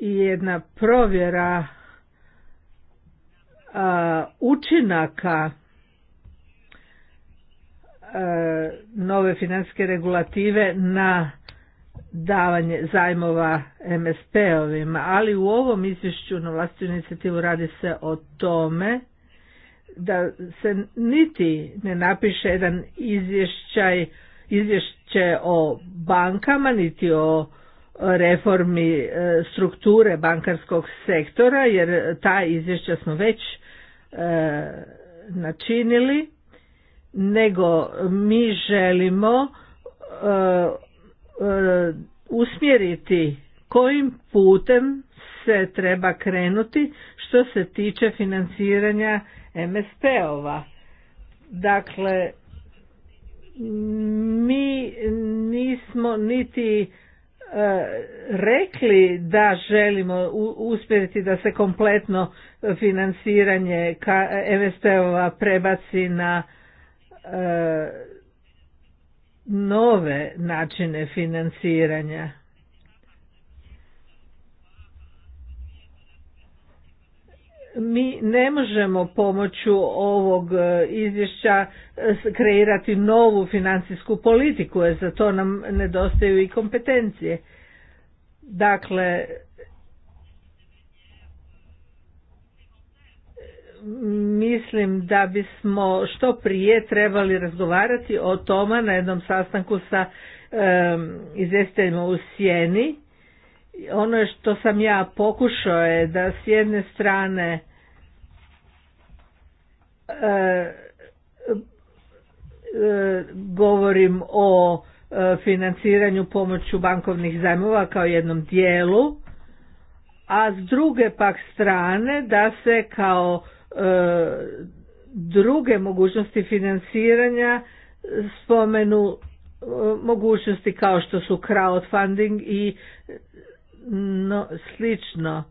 i jedna provjera a, učinaka E, nove financijske regulative na davanje zajmova MSP-ovima, ali u ovom izvješću na vlastitu inicijativu radi se o tome da se niti ne napiše jedan izvješćaj, izvješće o bankama, niti o reformi e, strukture bankarskog sektora, jer ta izvješća smo već e, načinili nego mi želimo e, e, usmjeriti kojim putem se treba krenuti što se tiče financiranja MSP-ova. Dakle, mi nismo niti e, rekli da želimo uspjeti da se kompletno financiranje MSP-ova prebaci na nove načine financiranja. Mi ne možemo pomoću ovog e, izvješća e, kreirati novu financijsku politiku, jer za to nam nedostaju i kompetencije. Dakle, mislim da bismo što prije trebali razgovarati o tome na jednom sastanku sa izvjestiteljima u sjeni. Ono što sam ja pokušao je da s jedne strane e, e, govorim o e, financiranju pomoću bankovnih zajmova kao jednom dijelu, a s druge pak strane da se kao E, druge mogućnosti financiranja spomenu e, mogućnosti kao što su crowdfunding i no, slično.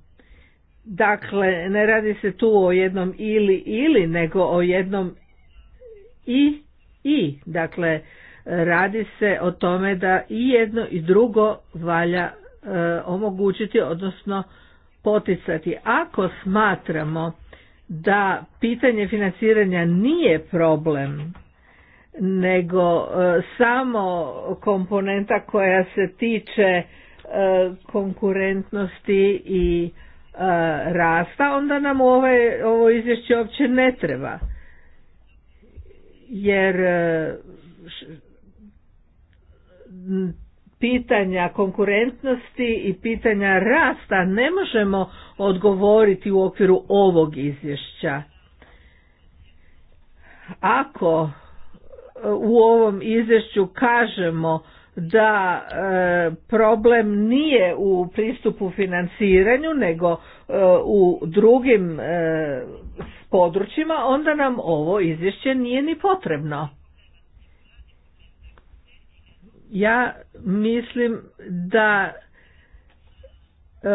Dakle, ne radi se tu o jednom ili ili, nego o jednom i i. Dakle, radi se o tome da i jedno i drugo valja e, omogućiti, odnosno poticati. Ako smatramo da pitanje financiranja nije problem nego e, samo komponenta koja se tiče e, konkurentnosti i e, rasta onda nam ove ovaj, ovo izvješće uopće ne treba jer pitanja konkurentnosti i pitanja rasta ne možemo odgovoriti u okviru ovog izvješća. Ako e, u ovom izvješću kažemo da e, problem nije u pristupu financiranju nego e, u drugim područjima onda nam ovo izvješće nije ni potrebno ja mislim da e,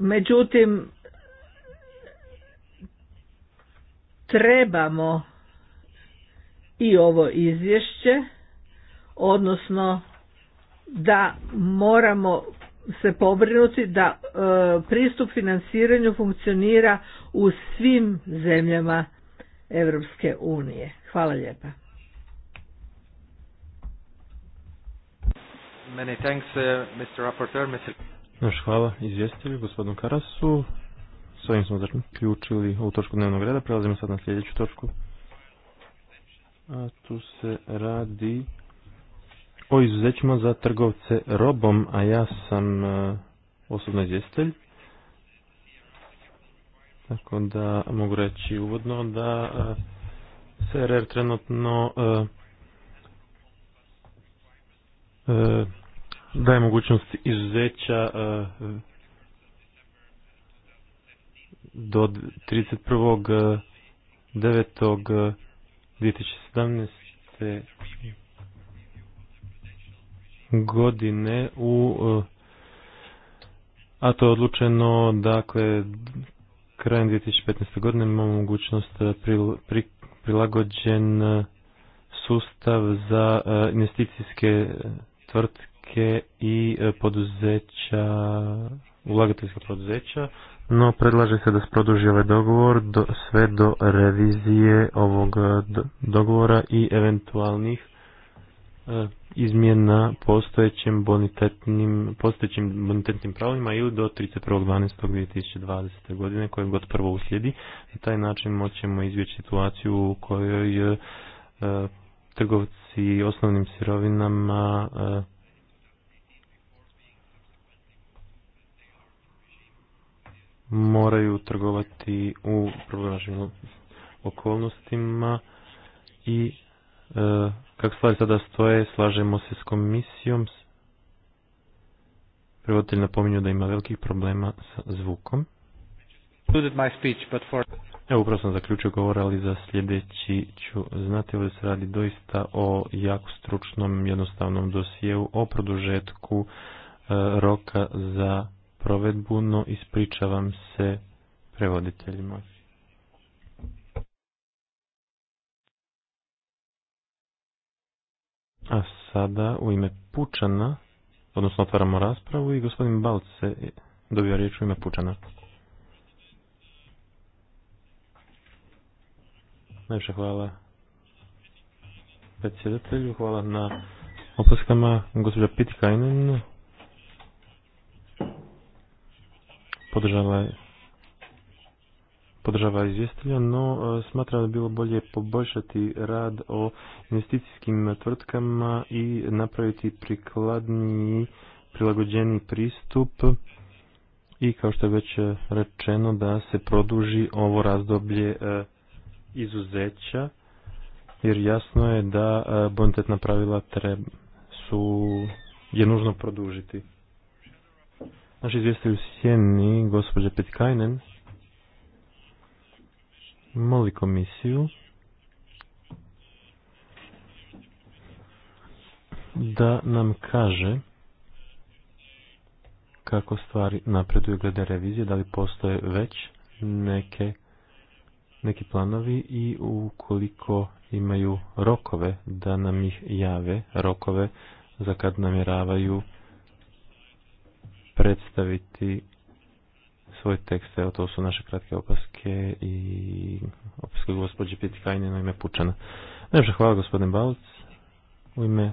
međutim trebamo i ovo izvješće odnosno da moramo se pobrinuti da e, pristup financiranju funkcionira u svim zemljama Europske unije. Hvala lijepa. Many thanks, uh, Mr. Rapporteur, Mr. Još hvala izvjestitelju, gospodinu Karasu. S ovim smo zaključili ovu točku dnevnog reda. Prelazimo sad na sljedeću točku. A tu se radi o izuzećima za trgovce robom, a ja sam e, osobno izvjestitelj. Tako da mogu reći uvodno da CRR e, trenutno e, daje mogućnost izuzeća e, do 31.9.2017. E, e, godine u a to je odlučeno dakle krajem 2015. godine imamo mogućnost prilagođen sustav za investicijske tvrtke i e, poduzeća, ulagateljska poduzeća, no predlaže se da se produži ovaj dogovor do, sve do revizije ovog e, dogovora i eventualnih e, izmjena postojećim bonitetnim, postojećim bonitetnim pravilima ili do 31.12.2020. godine koje god prvo uslijedi. Na taj način moćemo izvjeći situaciju u kojoj e, trgovci osnovnim sirovinama moraju trgovati u problematičnim okolnostima i e, kako stvari sada stoje, slažemo se s komisijom. Prevoditelj napominju da ima velikih problema sa zvukom. Evo upravo sam zaključio govor, ali za sljedeći ću. znati. ovdje se radi doista o jako stručnom, jednostavnom dosijevu, o produžetku e, roka za provedbu, no ispričavam se prevoditeljima. A sada u ime Pučana, odnosno otvaramo raspravu i gospodin Balc se dobio riječ u ime Pučana. Najviše hvala predsjedatelju, hvala na opaskama gospođa Pitkajnen podržava, podržava no e, smatram da bi bilo bolje poboljšati rad o investicijskim tvrtkama i napraviti prikladni, prilagođeni pristup i kao što je već rečeno da se produži ovo razdoblje e, izuzeća jer jasno je da e, bonitetna pravila treba, su, je nužno produžiti. Naš izvjestitelj u sjeni, gospođa Petkajnen, moli komisiju da nam kaže kako stvari napreduju glede revizije, da li postoje već neke, neki planovi i ukoliko imaju rokove da nam ih jave, rokove za kad namjeravaju predstaviti svoj tekst. Evo, to su naše kratke opaske i opaske gospođe Pitikajne na ime Pučana. hvala gospodin Balc. U ime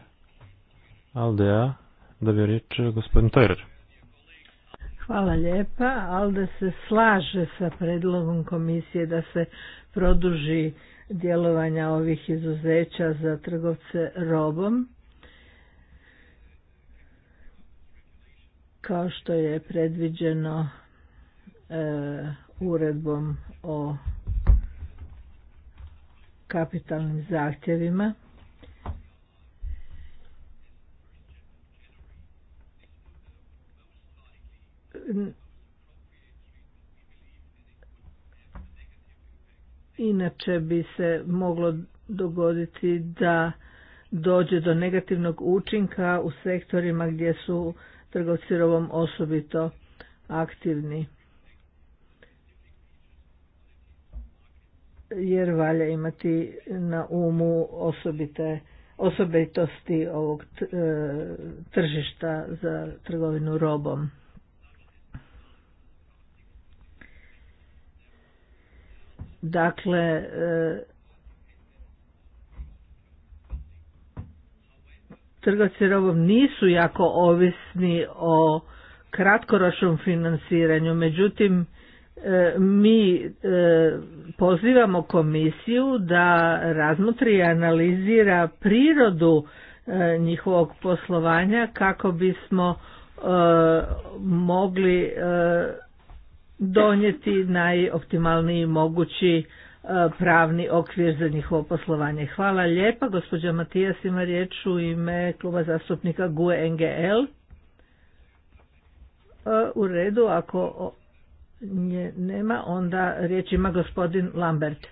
Aldea dobio riječ gospodin Tojrer. Hvala lijepa. Alde se slaže sa predlogom komisije da se produži djelovanja ovih izuzeća za trgovce robom kao što je predviđeno e, uredbom o kapitalnim zahtjevima. Inače bi se moglo dogoditi da dođe do negativnog učinka u sektorima gdje su Trgocirovom osobito aktivni. Jer valja imati na umu osobite osobitosti ovog e, tržišta za trgovinu robom. Dakle, e, trgovci robom nisu jako ovisni o kratkoročnom financiranju, međutim e, mi e, pozivamo komisiju da razmotri i analizira prirodu e, njihovog poslovanja kako bismo mogli donijeti najoptimalniji mogući pravni okvir za njihovo poslovanje. Hvala lijepa. Gospođa Matijas ima riječ u ime kluba zastupnika GUE NGL. E, u redu, ako nje nema, onda riječ ima gospodin Lambert.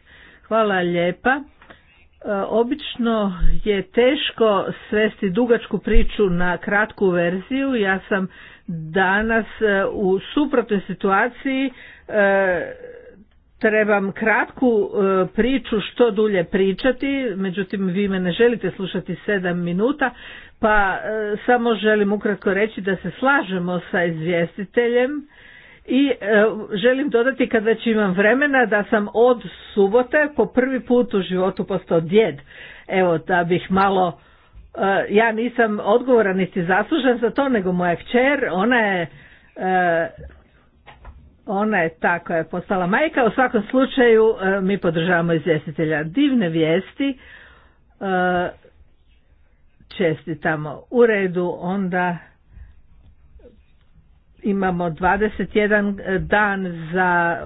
Hvala lijepa. E, obično je teško svesti dugačku priču na kratku verziju. Ja sam danas e, u suprotnoj situaciji trebam kratku e, priču što dulje pričati, međutim vi me ne želite slušati sedam minuta, pa e, samo želim ukratko reći da se slažemo sa izvjestiteljem i e, želim dodati kad već imam vremena da sam od subote po prvi put u životu postao djed. Evo da bih malo, ja nisam odgovoran niti zaslužen za to, nego moja kćer, ona je ona je ta koja je postala majka. U svakom slučaju e, mi podržavamo izvjestitelja. Divne vijesti. E, Čestitamo. U redu onda imamo 21 e, dan za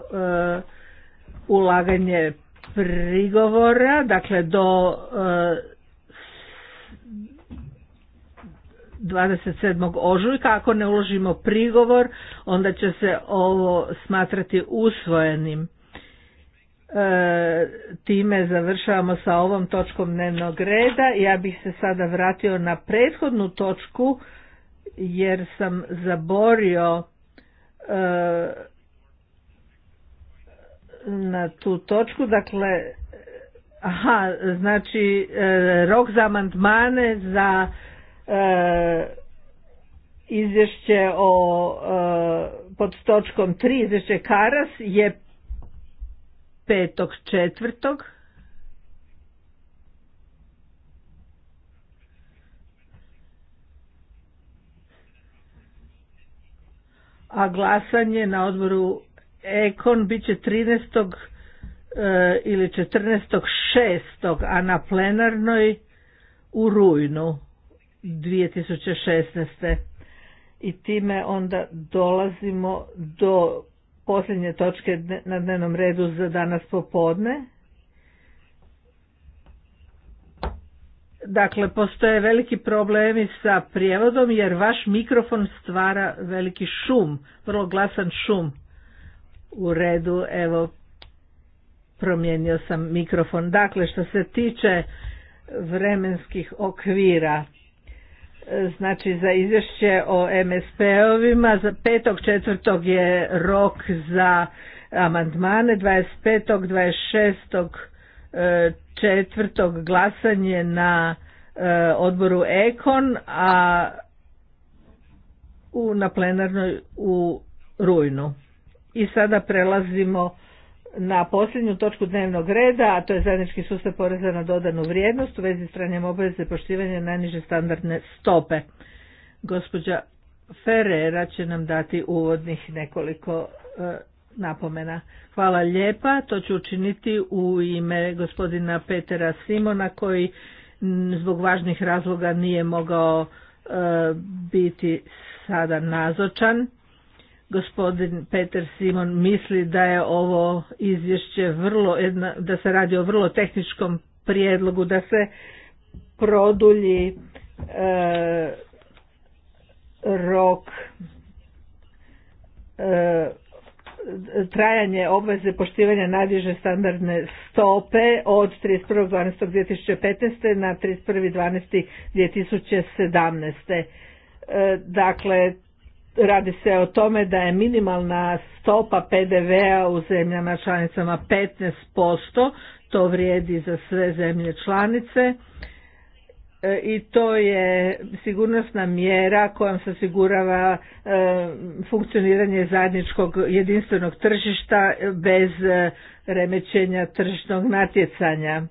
ulaganje prigovora, dakle do 27. ožujka. Ako ne uložimo prigovor, onda će se ovo smatrati usvojenim. E, time završavamo sa ovom točkom dnevnog reda. Ja bih se sada vratio na prethodnu točku jer sam zaborio e, na tu točku. Dakle, aha, znači e, rok za amandmane za E, izvješće o e, pod točkom 3 izvješće Karas je petog četvrtog a glasanje na odboru Ekon bit će 13. E, ili šestog a na plenarnoj u rujnu. 2016. I time onda dolazimo do posljednje točke na dnevnom redu za danas popodne. Dakle, postoje veliki problemi sa prijevodom jer vaš mikrofon stvara veliki šum, vrlo glasan šum. U redu, evo, promijenio sam mikrofon. Dakle, što se tiče vremenskih okvira, znači za izvješće o MSP-ovima. Za 5.4. je rok za amandmane, 25. 26. 4. glasanje na e, odboru Ekon, a u, na plenarnoj u rujnu. I sada prelazimo na posljednju točku dnevnog reda, a to je zajednički sustav poreza na dodanu vrijednost u vezi s stranjem obveze poštivanja najniže standardne stope. Gospođa Ferrera će nam dati uvodnih nekoliko e, napomena. Hvala lijepa, to ću učiniti u ime gospodina Petera Simona koji zbog važnih razloga nije mogao e, biti sada nazočan gospodin Peter Simon misli da je ovo izvješće vrlo, da se radi o vrlo tehničkom prijedlogu, da se produlji e, rok e, trajanje obveze poštivanja najviše standardne stope od 31.12.2015. na 31.12.2017. E, dakle, radi se o tome da je minimalna stopa PDV-a u zemljama članicama 15%, to vrijedi za sve zemlje članice e, i to je sigurnosna mjera kojom se osigurava e, funkcioniranje zajedničkog jedinstvenog tržišta bez e, remećenja tržišnog natjecanja.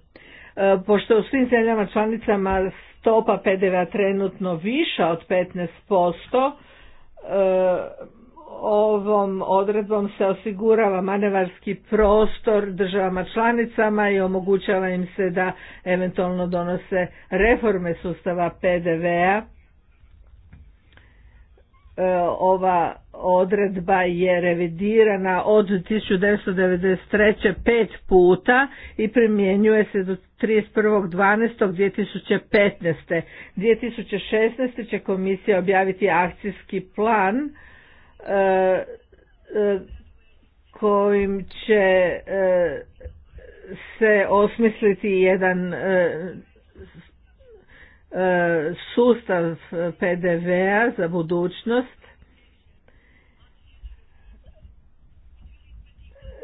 Pošto u svim zemljama članicama stopa PDV-a trenutno viša od 15%, ovom odredbom se osigurava manevarski prostor državama članicama i omogućava im se da eventualno donose reforme sustava PDV-a E, ova odredba je revidirana od 1993. pet puta i primjenjuje se do 31.12.2015. 2016. će komisija objaviti akcijski plan e, e, kojim će se osmisliti jedan sustav PDV-a za budućnost.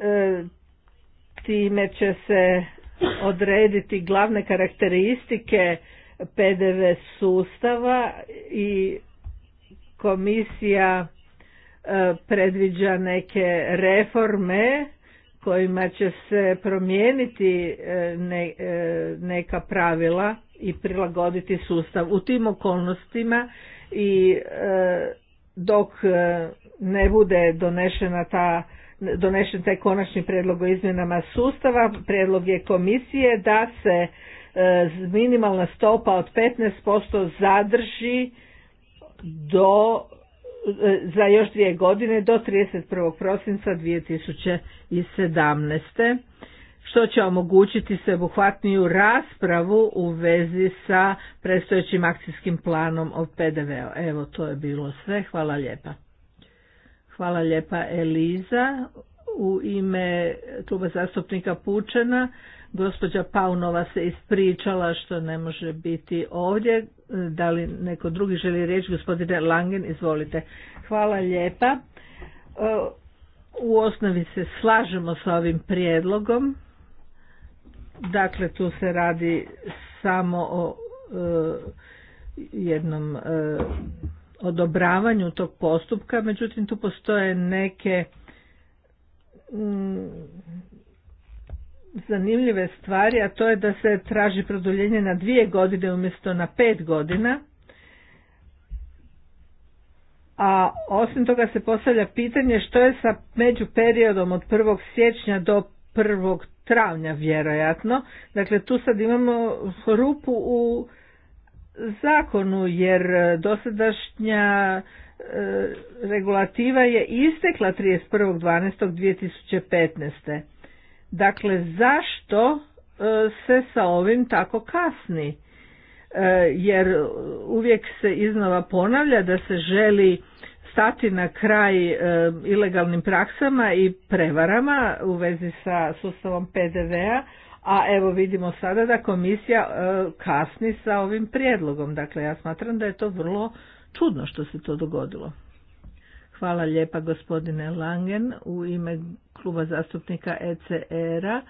E, time će se odrediti glavne karakteristike PDV sustava i komisija e, predviđa neke reforme kojima će se promijeniti e, neka pravila i prilagoditi sustav. U tim okolnostima i e, dok e, ne bude donešena ta donešen taj konačni prijedlog o izmjenama sustava, prijedlog je komisije da se e, minimalna stopa od 15% zadrži do, za još dvije godine do 31. prosinca 2017 što će omogućiti sveobuhvatniju raspravu u vezi sa predstojećim akcijskim planom o pdv Evo, to je bilo sve. Hvala lijepa. Hvala lijepa Eliza. U ime kluba zastupnika Pučena, gospođa Paunova se ispričala što ne može biti ovdje. Da li neko drugi želi reći? Gospodine Langen, izvolite. Hvala lijepa. E, u osnovi se slažemo sa ovim prijedlogom. Dakle, tu se radi samo o e, jednom e, odobravanju tog postupka, međutim tu postoje neke mm, zanimljive stvari, a to je da se traži produljenje na dvije godine umjesto na pet godina. A osim toga se postavlja pitanje što je sa periodom od 1. siječnja do 1 travnja vjerojatno. Dakle tu sad imamo rupu u zakonu jer e, dosadašnja e, regulativa je istekla 31.12.2015. Dakle, zašto e, se sa ovim tako kasni? Jer uvijek se iznova ponavlja da se želi stati na kraj e, ilegalnim praksama i prevarama u vezi sa sustavom PDV-a, a evo vidimo sada da komisija e, kasni sa ovim prijedlogom. Dakle, ja smatram da je to vrlo čudno što se to dogodilo. Hvala lijepa gospodine Langen u ime kluba zastupnika ECR-a.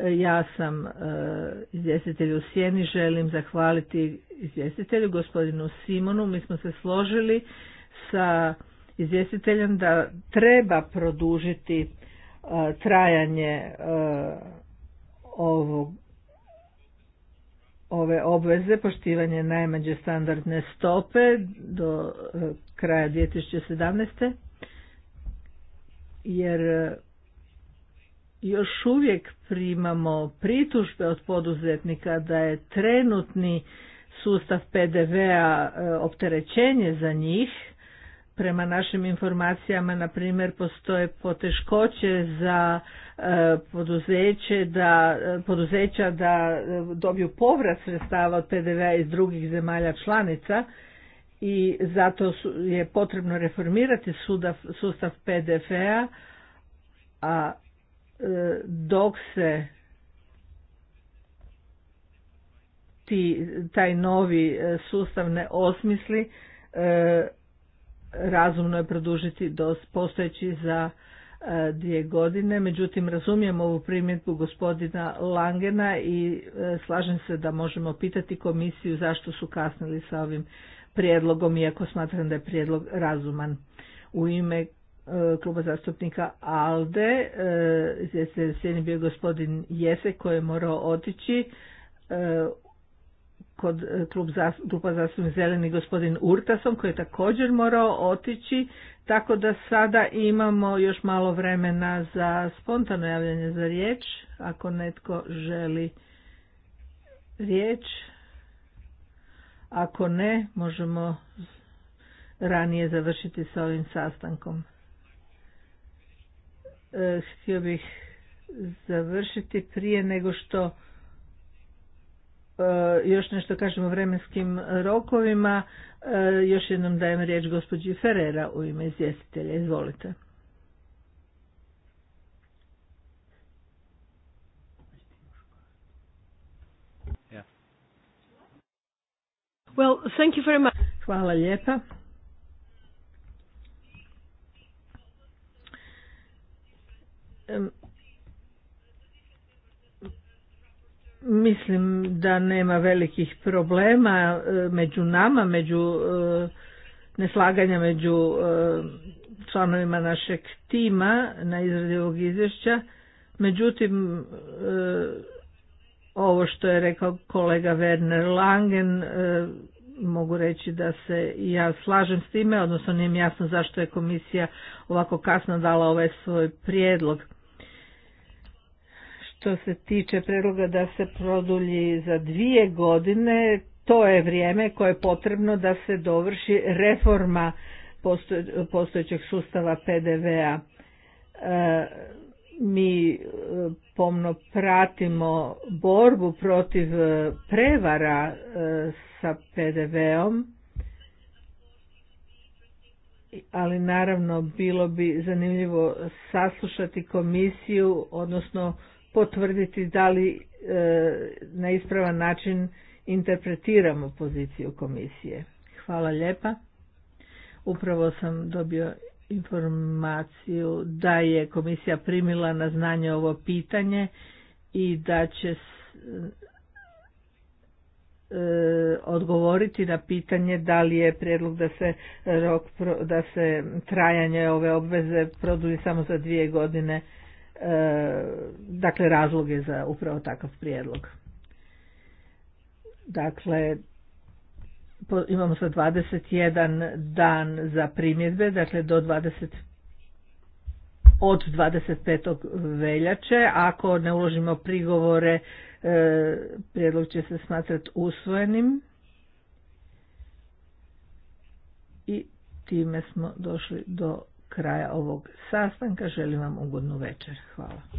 E, ja sam e, izvjestitelj u Sjeni, želim zahvaliti izvjestitelju gospodinu Simonu. Mi smo se složili sa izvjestiteljem da treba produžiti e, trajanje e, ovog ove obveze poštivanje najmađe standardne stope do e, kraja 2017. jer još uvijek primamo pritužbe od poduzetnika da je trenutni sustav PDV-a opterećenje za njih prema našim informacijama na primjer postoje poteškoće za e, poduzeće da e, poduzeća da e, dobiju povrat sredstava od pdv iz drugih zemalja članica i zato je potrebno reformirati sustav PDV-a a dok se ti taj novi sustav ne osmisli razumno je produžiti do postojeći za e, dvije godine. Međutim, razumijem ovu primjedbu gospodina Langena i e, slažem se da možemo pitati komisiju zašto su kasnili sa ovim prijedlogom, iako smatram da je prijedlog razuman. U ime e, kluba zastupnika ALDE, izvjestitelj bio gospodin Jese koji je morao otići kod e, klub grupa zastupnika zeleni gospodin Urtasom koji je također morao otići, tako da sada imamo još malo vremena za spontano javljanje za riječ, ako netko želi riječ. Ako ne, možemo ranije završiti sa ovim sastankom. E, htio bih završiti prije nego što E, još nešto kažemo o vremenskim rokovima, e, još jednom dajem riječ gospođi Ferrera u ime izvjestitelja. Izvolite. Well, thank you very much. Hvala lijepa. Mislim da nema velikih problema e, među nama, među e, neslaganja među e, članovima našeg tima na izradi ovog izvješća. Međutim, ovo što je rekao kolega Werner Langen, mogu reći da se i ja slažem s time, odnosno nije mi jasno zašto je komisija ovako kasno dala ovaj svoj prijedlog što se tiče predloga da se produlji za dvije godine, to je vrijeme koje je potrebno da se dovrši reforma postojećeg sustava PDV-a. E, mi e, pomno pratimo borbu protiv e, prevara sa PDV-om, ali naravno bilo bi zanimljivo saslušati komisiju, odnosno potvrditi da li e, na ispravan način interpretiramo poziciju komisije. Hvala lijepa. Upravo sam dobio informaciju da je komisija primila na znanje ovo pitanje i da će e, odgovoriti na pitanje da li je prijedlog da se rok da se trajanje ove obveze produži samo za dvije godine E, dakle razloge za upravo takav prijedlog. Dakle, imamo sad 21 dan za primjedbe, dakle do 20 od 25. veljače. Ako ne uložimo prigovore, e, prijedlog će se smatrati usvojenim. I time smo došli do kraja ovog sastanka. Želim vam ugodnu večer. Hvala.